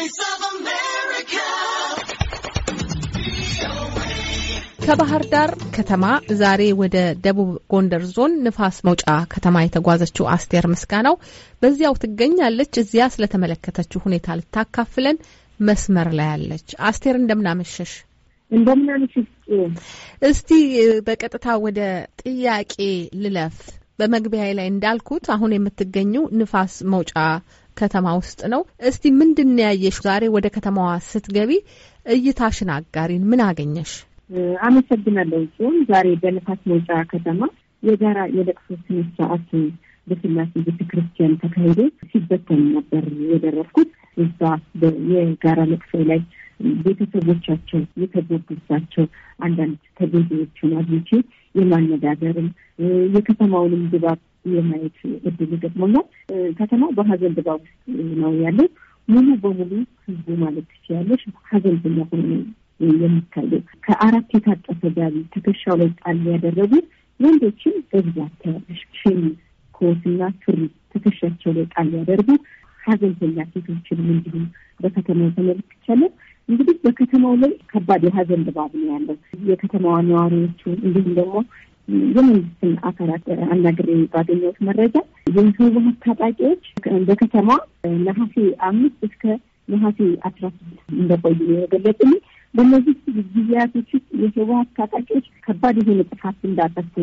Voice ከባህር ዳር ከተማ ዛሬ ወደ ደቡብ ጎንደር ዞን ንፋስ መውጫ ከተማ የተጓዘችው አስቴር ምስጋናው በዚያው ትገኛለች። እዚያ ስለተመለከተችው ሁኔታ ልታካፍለን መስመር ላይ አለች። አስቴር እንደምናመሸሽ እንደምናመሸሽ። እስቲ በቀጥታ ወደ ጥያቄ ልለፍ። በመግቢያ ላይ እንዳልኩት አሁን የምትገኙ ንፋስ መውጫ ከተማ ውስጥ ነው። እስቲ ምንድን ያየሽ ዛሬ ወደ ከተማዋ ስትገቢ? እይታሽን አጋሪን። ምን አገኘሽ? አመሰግናለሁ ሲሆን ዛሬ በነፋስ መውጫ ከተማ የጋራ የለቅሶ ስነ ስርዓት በስላሴ ቤተ ክርስቲያን ተካሂዶ ሲበተን ነበር የደረስኩት። እዛ የጋራ ለቅሶ ላይ ቤተሰቦቻቸው የተጎዱባቸው አንዳንድ ተጎጂዎችን አግኝቼ የማነጋገርም የከተማውንም ድባብ የማየት እድል ገጥሞኛል። ከተማው በሀዘን ድባብ ውስጥ ነው ያለው። ሙሉ በሙሉ ህዝቡ ማለት ትችያለሽ ሀዘንተኛ ሆኖ የሚታየው ከአራት የታጠፈ ጋቢ ትከሻው ላይ ጣል ያደረጉ ወንዶችን በብዛት ታያለሽ። ሸሚዝ፣ ኮትና ሱሪ ትከሻቸው ላይ ጣል ያደርጉ ሀዘንተኛ ሴቶችንም እንዲሁም በከተማው ተመልክቻለን። እንግዲህ በከተማው ላይ ከባድ የሀዘን ድባብ ነው ያለው። የከተማዋ ነዋሪዎቹ እንዲሁም ደግሞ የመንግስትን አካላት አናግሬ ባገኘሁት መረጃ የህወሀት ታጣቂዎች በከተማ ነሐሴ አምስት እስከ ነሐሴ አስራ ስድስት እንደቆዩ የገለጽልኝ። በእነዚህ ጊዜያቶች ውስጥ የህወሀት ታጣቂዎች ከባድ የሆነ ጥፋት እንዳጠፉ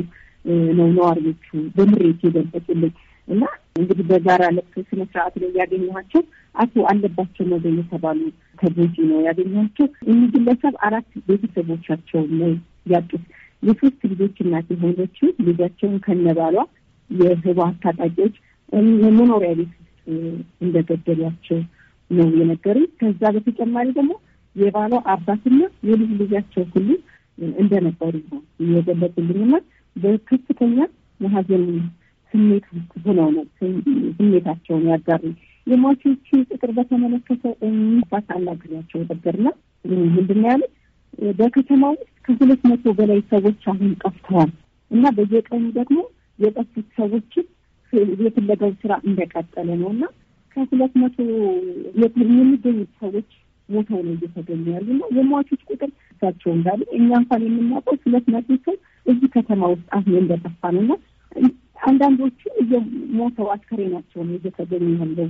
ነው ነዋሪዎቹ በምሬት የገለጹልኝ። እና እንግዲህ በጋራ ለቅሶ ስነ ስርዓት ላይ ያገኘኋቸው አቶ አለባቸው ነገ የተባሉ ተጎጂ ነው ያገኘኋቸው። እኒህ ግለሰብ አራት ቤተሰቦቻቸው ነው ያጡት። የሶስት ልጆች እናት የሆነችው ልጃቸውን ከነባሏ የህወሓት ታጣቂዎች የመኖሪያ ቤት ውስጥ እንደገደሏቸው ነው የነገሩኝ። ከዛ በተጨማሪ ደግሞ የባሏ አባትና የልጅ ልጃቸው ሁሉ እንደነበሩ ነው የገለጹልኝና በከፍተኛ መሀዘን ስሜት ሆነው ነው ስሜታቸውን ያጋሩ። የሟቾችን ቁጥር በተመለከተ እሚባት አናግሪያቸው ነበርና ምንድን ነው ያሉት? በከተማ ውስጥ ከሁለት መቶ በላይ ሰዎች አሁን ጠፍተዋል እና በየቀኑ ደግሞ የጠፉት ሰዎችን የፍለጋው ስራ እንደቀጠለ ነው እና ከሁለት መቶ የሚገኙት ሰዎች ቦታው ነው እየተገኙ ያሉ እና የሟቾች ቁጥር እሳቸው እንዳለ እኛ እንኳን የምናውቀው ሁለት መቶ ሰው እዚህ ከተማ ውስጥ አሁን እንደጠፋ ነው እና አንዳንዶቹ እየሞተው ነው እየተገኙ ያለው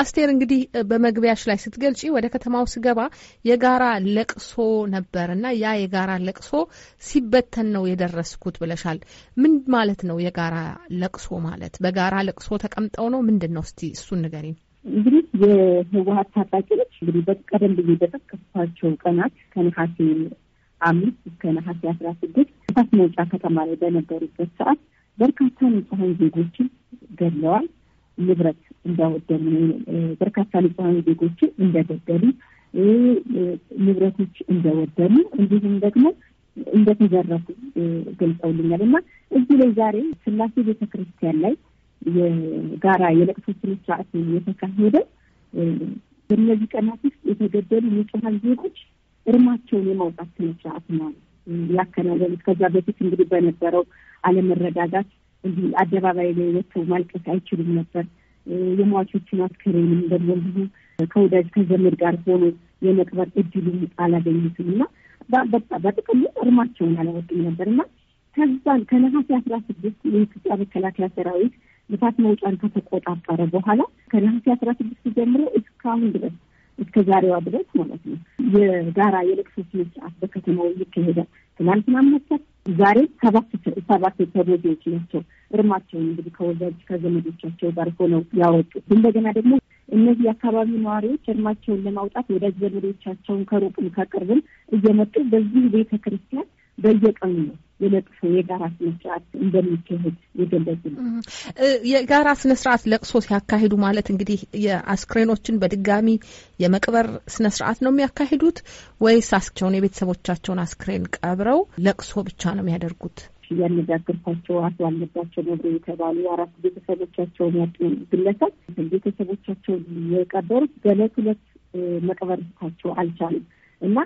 አስቴር እንግዲህ በመግቢያሽ ላይ ስትገልጪ ወደ ከተማው ስገባ የጋራ ለቅሶ ነበር እና ያ የጋራ ለቅሶ ሲበተን ነው የደረስኩት ብለሻል። ምን ማለት ነው የጋራ ለቅሶ ማለት? በጋራ ለቅሶ ተቀምጠው ነው ምንድን ነው? እስቲ እሱን ንገሪኝ። እንግዲህ የህወሀት ታጣቂዎች እንግዲህ በቀደም ብዬ በጠቀስኳቸው ቀናት ከነሐሴ አምስት እስከ ነሐሴ አስራ ስድስት እሳት መውጫ ከተማ ላይ በነበሩበት ሰዓት በርካታ ንጹሐን ዜጎችን ገድለዋል። ንብረት እንዳወደሙ፣ በርካታ ንጹሐን ዜጎችን እንደገደሉ፣ ንብረቶች እንደወደሙ እንዲሁም ደግሞ እንደተዘረፉ ገልጸውልኛል እና እዚህ ላይ ዛሬ ስላሴ ቤተ ክርስቲያን ላይ የጋራ የለቅሶ ስነ ስርዓት የተካሄደ በእነዚህ ቀናት ውስጥ የተገደሉ ንጹሐን ዜጎች እርማቸውን የማውጣት ስነ ስርዓት ነው። ያከናወኑት። ከዛ በፊት እንግዲህ በነበረው አለመረጋጋት እንዲህ አደባባይ ላይ ወጥተው ማልቀስ አይችሉም ነበር። የሟቾችን አስከሬንም ደግሞ ብዙ ከወዳጅ ከዘመድ ጋር ሆኖ የመቅበር እድሉም አላገኙትም እና በጥቅሉ እርማቸውን አላወጡም ነበር እና ከዛን ከነሐሴ አስራ ስድስት የኢትዮጵያ መከላከያ ሰራዊት ልፋት መውጫን ከተቆጣጠረ በኋላ ከነሐሴ አስራ ስድስት ጀምሮ እስካሁን ድረስ እስከ ዛሬዋ ድረስ ማለት ነው። የጋራ የለቅሶ ስነስርዓት በከተማው እየተካሄደ ትናንትና መሰል ዛሬ ሰባት ሰባት ተጎጂዎች ናቸው እርማቸውን እንግዲህ ከወዛጅ ከዘመዶቻቸው ጋር ሆነው ያወጡት። እንደገና ደግሞ እነዚህ የአካባቢ ነዋሪዎች እርማቸውን ለማውጣት ወዳጅ ዘመዶቻቸውን ከሩቅም ከቅርብም እየመጡ በዚህ ቤተ ክርስቲያን በየቀኑ ነው የለቅሶ የጋራ ስነስርዓት እንደሚካሄድ የገለጹ ነው። የጋራ ስነስርዓት ለቅሶ ሲያካሂዱ ማለት እንግዲህ የአስክሬኖችን በድጋሚ የመቅበር ስነስርዓት ነው የሚያካሂዱት ወይስ አስቸውን የቤተሰቦቻቸውን አስክሬን ቀብረው ለቅሶ ብቻ ነው የሚያደርጉት? እያነጋገርኳቸው አቶ አለባቸው ነብሮ የተባሉ አራት ቤተሰቦቻቸውን ያጡ ግለሰብ ቤተሰቦቻቸውን የቀበሩት በዕለት ዕለት መቅበርታቸው አልቻሉም እና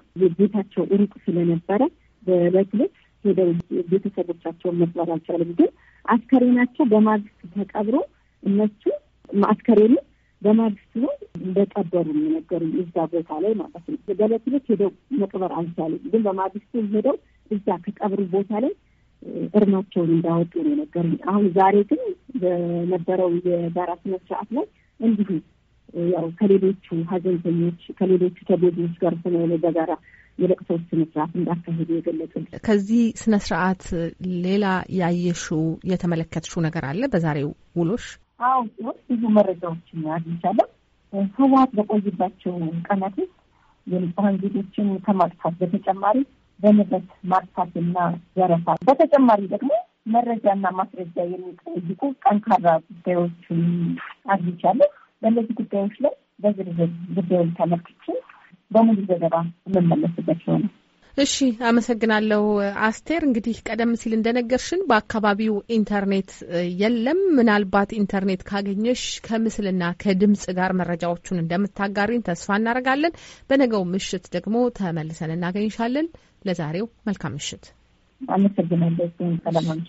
ቤታቸው ሩቅ ስለነበረ በበክልት ወደ ቤተሰቦቻቸውን መቅበር አልቻለም። ግን አስከሬናቸው በማግስት ተቀብሮ እነሱ አስከሬኑ በማግስት ነው እንደቀበሩ የሚነገሩ እዛ ቦታ ላይ ማለት ነው። በበክልት ሄደው መቅበር አልቻለም። ግን በማግስቱ ሄደው እዛ ከቀብሩ ቦታ ላይ እርማቸውን እንዳወጡ ነው የነገሩኝ። አሁን ዛሬ ግን በነበረው የጋራ ስነ ስርዓት ላይ እንዲሁ ያው ከሌሎቹ ሀዘንተኞች ከሌሎቹ ተጎጂዎች ጋር ስለሆነ በጋራ የለቅሶ ስነ ስርዓት እንዳካሄዱ የገለጹ። ከዚህ ስነ ስርዓት ሌላ ያየሽው የተመለከትሽው ነገር አለ በዛሬው ውሎሽ? አዎ ሲሆን ብዙ መረጃዎችን አግኝቻለሁ። ህወሓት በቆይባቸው ቀናት ውስጥ የንጹሀን ዜጎችን ከማጥፋት በተጨማሪ በንብረት ማጥፋትና ዘረፋ በተጨማሪ ደግሞ መረጃና ማስረጃ የሚጠይቁ ጠንካራ ጉዳዮችን አግኝቻለሁ። በእነዚህ ጉዳዮች ላይ በዝርዝር ጉዳዩን ተመልክቼ በሙሉ ዘገባ የምመለስበት ይሆናል። እሺ፣ አመሰግናለሁ አስቴር። እንግዲህ ቀደም ሲል እንደነገርሽን በአካባቢው ኢንተርኔት የለም። ምናልባት ኢንተርኔት ካገኘሽ ከምስልና ከድምጽ ጋር መረጃዎቹን እንደምታጋሪን ተስፋ እናደርጋለን። በነገው ምሽት ደግሞ ተመልሰን እናገኝሻለን። ለዛሬው መልካም ምሽት። አመሰግናለሁ